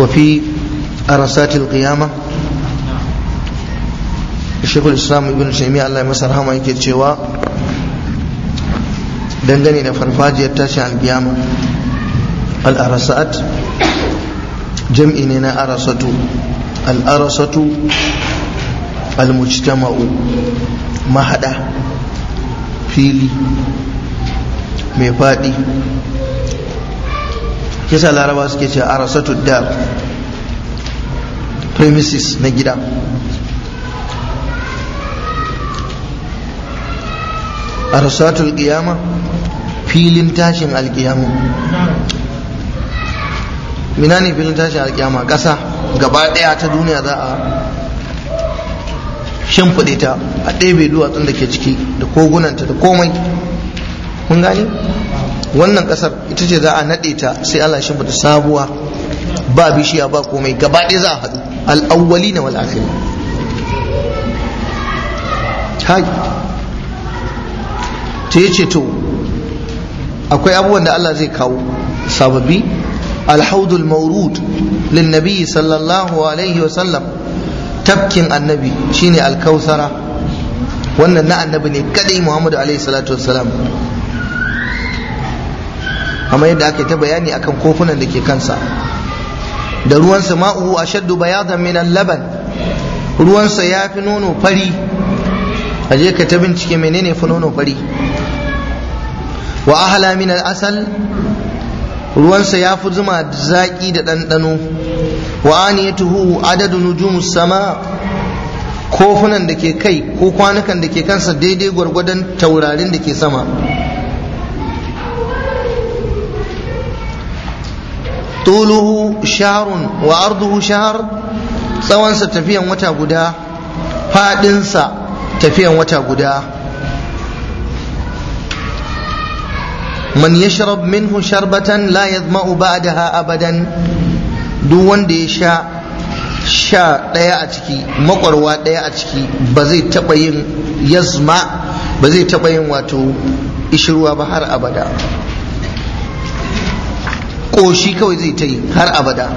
وفي أرسات القيامة الشيخ الإسلام ابن تيمية الله يمسى رحمه yake cewa dangane da farfajiyar tashin alkiyama al'arasat jam'i ne na arasatu al'arasatu al-mujtama'u mahada fili mai faɗi kisa laraba suke ce rasa dar premises na gida a rasa qiyama filin tashin alkiyama mina ne filin tashin alkiyama ƙasa gaba ɗaya ta duniya za a shimfiɗe ta a ɗebe duwatsun da ke ciki da kogunanta da komai kun gani wannan kasar ita ce za a naɗe ta sai Allah shi bata sabuwa ba bishiya ba komai gaba ɗaya za a haɗu al'awwali na wal akhir hai ta to akwai abubuwan da Allah zai kawo sababi alhaudul maurud sallallahu alaihi wa sallam tafkin annabi shine alkausara wannan na annabi ne kadai muhammadu alaihi salatu kamar yadda aka yi ta bayani akan kofunan da ke kansa da ruwansa ma'uhu a shaddu bayadan minan laban ruwansa ya fi nono fari a je ka ta bincike menene fi nono fari wa ahala min asal ruwansa ya fi zuma zaƙi da ɗanɗano wa aniyatuhu adadu nujumus sama kofunan da ke kai ko kwanukan da ke kansa daidai gwargwadon taurarin da ke sama طوله شهر وعرضه شهر tsawonsa tafiyan wata guda faɗinsa tafiyan wata guda man yashrab minhu sharbatan la yadma'u ba'daha abadan duk wanda ya sha sha ɗaya a ciki makwarwa ɗaya a ciki ba zai taɓa yin yazma ba zai taɓa yin wato ishirwa ba har abada ƙoshi kawai zai ta yi har abada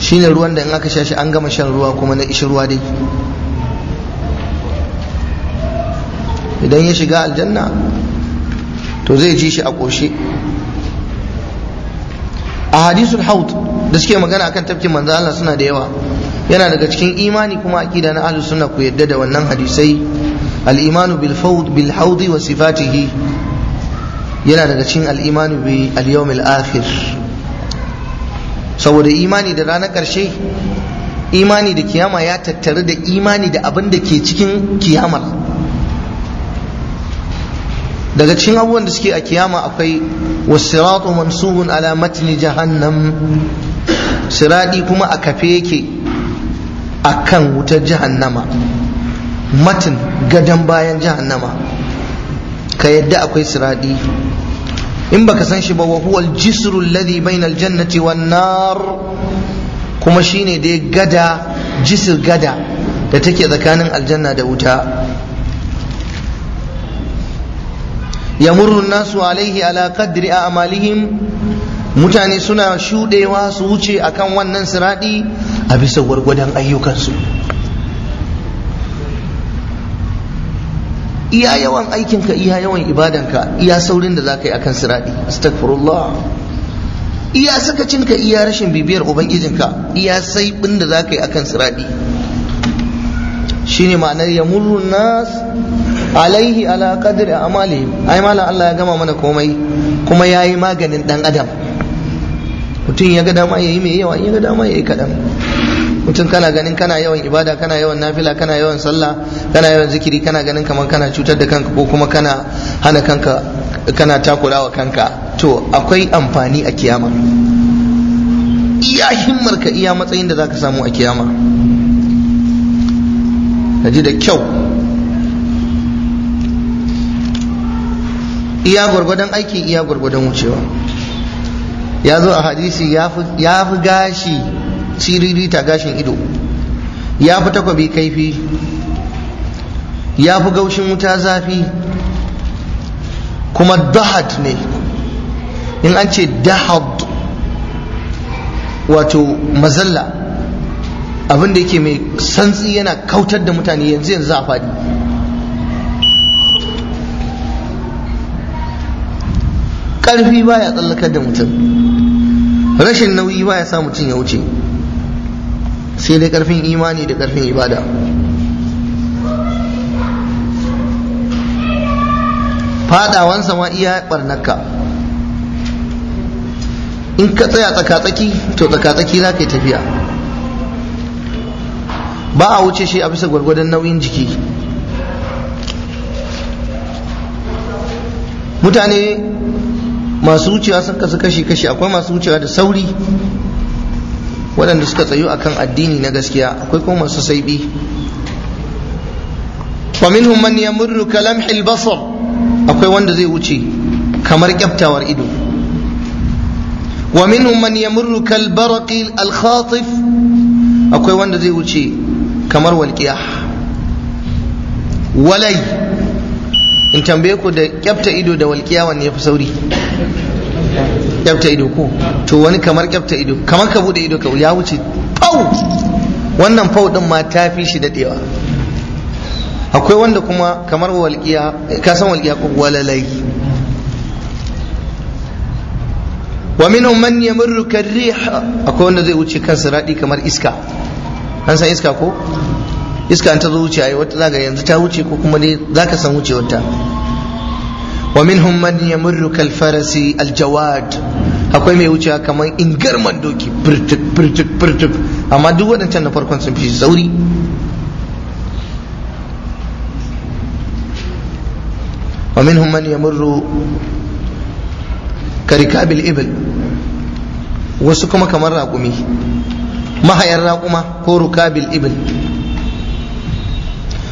shine ruwan da in aka sha shi an gama shan ruwa kuma na ishi ruwa dai idan ya shiga aljanna to zai ji shi a koshi a hadisul haut da suke magana akan tafkin manzo Allah suna da yawa yana daga cikin imani kuma aqida na ahlus sunna ku yadda da wannan hadisai al-imanu bil fawd bil haudi wa sifatihi yana daga cikin al'imanu bi al al akhir saboda imani da ranar karshe imani da kiyama ya tattare da imani da abin da ke cikin kiyamar daga cikin abubuwan da suke a kiyama akwai wasiratu mansubun ala matni jahannam siradi kuma a kafe yake akan wutar jahannama matin gadon bayan jahannama ka yadda akwai siraɗi, in baka san shi ba wa huwa ladi jisru alladhi bayna jannati wan nar kuma shine dai gada jisir gada da take tsakanin aljanna da wuta yamurru nasu alaihi ala qadri a'malihim mutane suna shudewa su wuce akan wannan siraɗi, a bisa gwargwadon ayyukansu iya yawan aikinka iya yawan ibadanka iya saurin da za ka yi akan siradi astaghfirullah iya sakacinka iya rashin bibiyar ubangijinka iya saiɓin da za ka yi akan siraɗi. shine ma'anar ya murrun nas alaihi ala qadri amali ai malam Allah ya gama mana komai kuma yayi maganin dan adam mutum ya ga dama yayi mai yawa in ya ga dama yayi kadan mutum kana ganin kana yawan ibada kana yawan nafila kana yawan sallah kana yawan zikiri kana ganin kamar kana cutar da kanka ko kuma kana hana kanka kana wa kanka to akwai amfani a kiyama iya himmar ka iya matsayin da zaka samu a kiyama ka ji da kyau iya gwargwadon aiki iya gwargwadon wucewa ya zo a hadisi ya fi gashi siriri ta gashin ido ya fi takwabi kaifi ya fi gaushin wuta zafi kuma dahad ne in an ce dahad wato mazalla abinda yake mai santsi yana kautar da mutane yanzu yanzu a faɗi ƙarfi baya tsallakar da mutum rashin nauyi baya sa mutum ya wuce sai dai karfin imani da karfin ibada fadawansa ma iya barnaka in ka tsaya tsakatsaki to tsakatsaki za ka yi tafiya ba a wuce shi a bisa gwargwadon nauyin jiki mutane masu wucewa sun kasu kashi-kashi akwai masu wucewa da sauri waɗanda suka tsayu akan addini na gaskiya akwai kuma masu saibi wa minhum man yamurru kalamhil basar akwai wanda zai wuce kamar kyaftawar ido wa minhum man yamurru kal baraqi al khatif akwai wanda zai wuce kamar walqiya walai in tambaye ku da kyafta ido da walqiya wanne yafi sauri kyafta ido ko to wani kamar kyafta ido kamar ka bude ido ka ya wuce fau wannan fau din ma ta fi shi dadewa akwai wanda kuma kamar walƙiya ka san walƙiya ko walalai wa minhum man yamurru karih akwai wanda zai wuce kan siradi kamar iska an san iska ko iska an ta zo wuce ai wata zaga yanzu ta wuce ko kuma ne zaka san wucewar ta ومنهم من يمر كالفرس الجواد akwai mai wucewa kamar garman doki firtuk firtuk firtuk amma duk waɗancan na farkon sun fi sauri wa minhum man yamurru karikabil ibil wasu kuma kamar raƙumi mahayar raƙuma ko rukabil ibil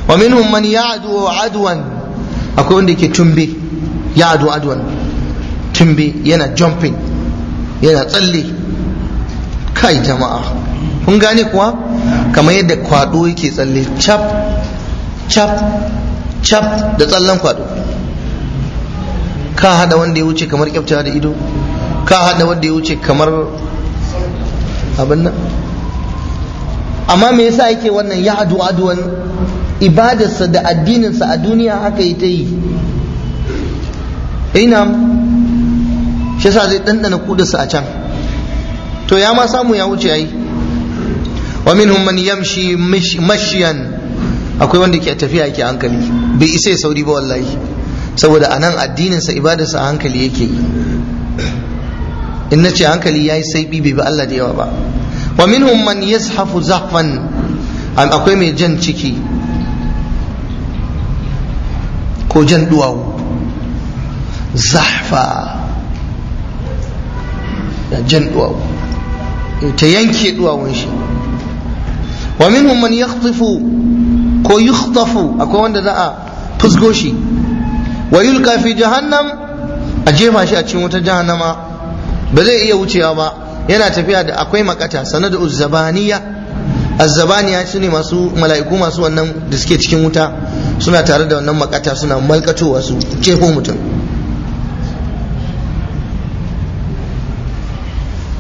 wa minhum man ya'du adwan akwai wanda yake tumbe ya ado adwan tumbe yana jumping yana tsalle kai jama'a kun gane kuwa kamar yadda kwado yake tsalle chap chap chap da tsallan kwado ka hada wanda ya wuce kamar kyafta da ido ka hada wanda ya wuce kamar abin nan amma me yasa yake wannan ya adu aduwan ibadarsa da addininsa a duniya haka yi ta yi ina eh, shi yasa zai ɗanɗana sa a can to ya ma samu ya wuce yayi wa minhum man yamshi mashyan akwai wanda ke tafiya yake hankali bai isa ya sauri ba wallahi saboda anan addininsa ibadarsa a hankali yake yi in nace hankali yayi sai bai ba Allah da yawa ba wa minhum man yashafu zahfan akwai mai jan ciki ko jan duwawu zahfa da jan duwawu eh, ta yanke duwawun shi wa minhum man yakhtifu ko yukhtafu akwai wanda za a fusgo shi wa yulqa fi jahannam a jefa shi a cikin wata jahannama ba zai iya wucewa ba yana tafiya da akwai makata sanar da a azzabaniya su ne masu mala'iku masu wannan da suke cikin wuta suna tare da wannan makata suna malkatowa su jefo mutum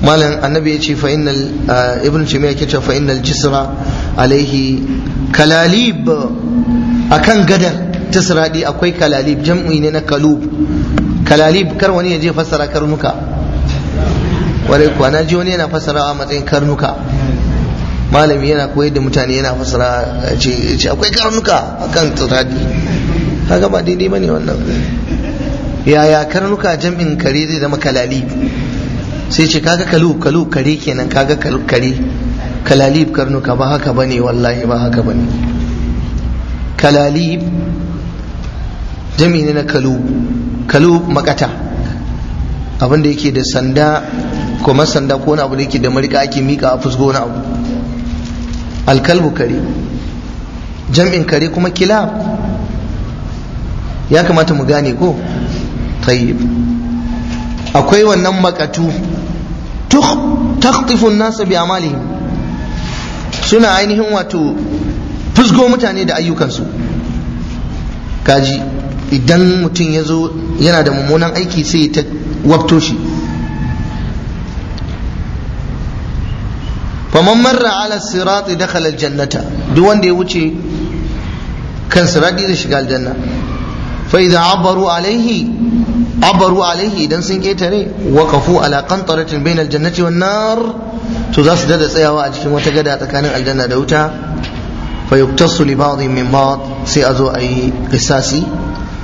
malam annabi ya ce fa'inal eh, ibn jami'a ke ce fa'inal Cisra, jisra alaihi kalalib kan gadar tisradi akwai kalalib jam'i ne na kalub kalalib kar wani ya je fassara karnuka warai kuwa na ji wani yana a matsayin karnuka malami yana koyar da mutane yana fassara ce akwai karnuka a kan tisradi kaga ba daidai ne wannan yaya karnuka jam'in kare zai zama kalalib sai ce kaga kalu kalu kare kenan kaga kare kalalib karnuka ba haka bane wallahi ba haka bane kalalib jami na kalu kalu makata abin da yake da sanda kuma sanda ko wani abu da yake da marika ake mika a fusgo wani abu alkalbu kare jam'in kare kuma kilab ya kamata mu gane ko tayyib akwai wannan makatu takhtifu nasa bi amalihim suna ainihin wato fusgo mutane da ayyukansu kaji idan mutum ya zo yana da mummunan aiki sai ta wabto shi faman marra ala sirati dakhala aljannata duk wanda ya wuce kan sirati da shiga aljanna fa idza abaru alaihi abaru alaihi idan sun ketare wa kafu ala qantaratin bainal jannati wan nar to za su dada tsayawa a cikin wata gada tsakanin aljanna da wuta fa yuktasu li ba'dhin min ba'd sai a zo a yi qisasi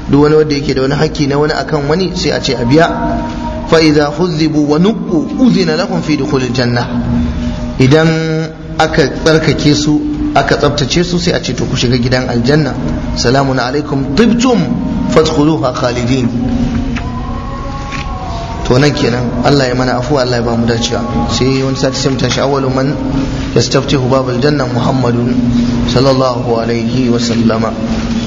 duk wani wanda yake da wani hakki na wani akan wani sai a ce a biya fa idza khuzibu wa nuqu uzina lahum fi dukhulil janna idan aka tsarkake su aka tsabtace su sai a ce to ku shiga gidan aljanna salamun alaikum tibtum fadkhuluha khalidin to nan kenan Allah ya mana afuwa Allah ya ba mu dacewa sai wani sati sai mutashi tashi awwalu man yastaftihu babul janna muhammadun sallallahu alaihi wa sallama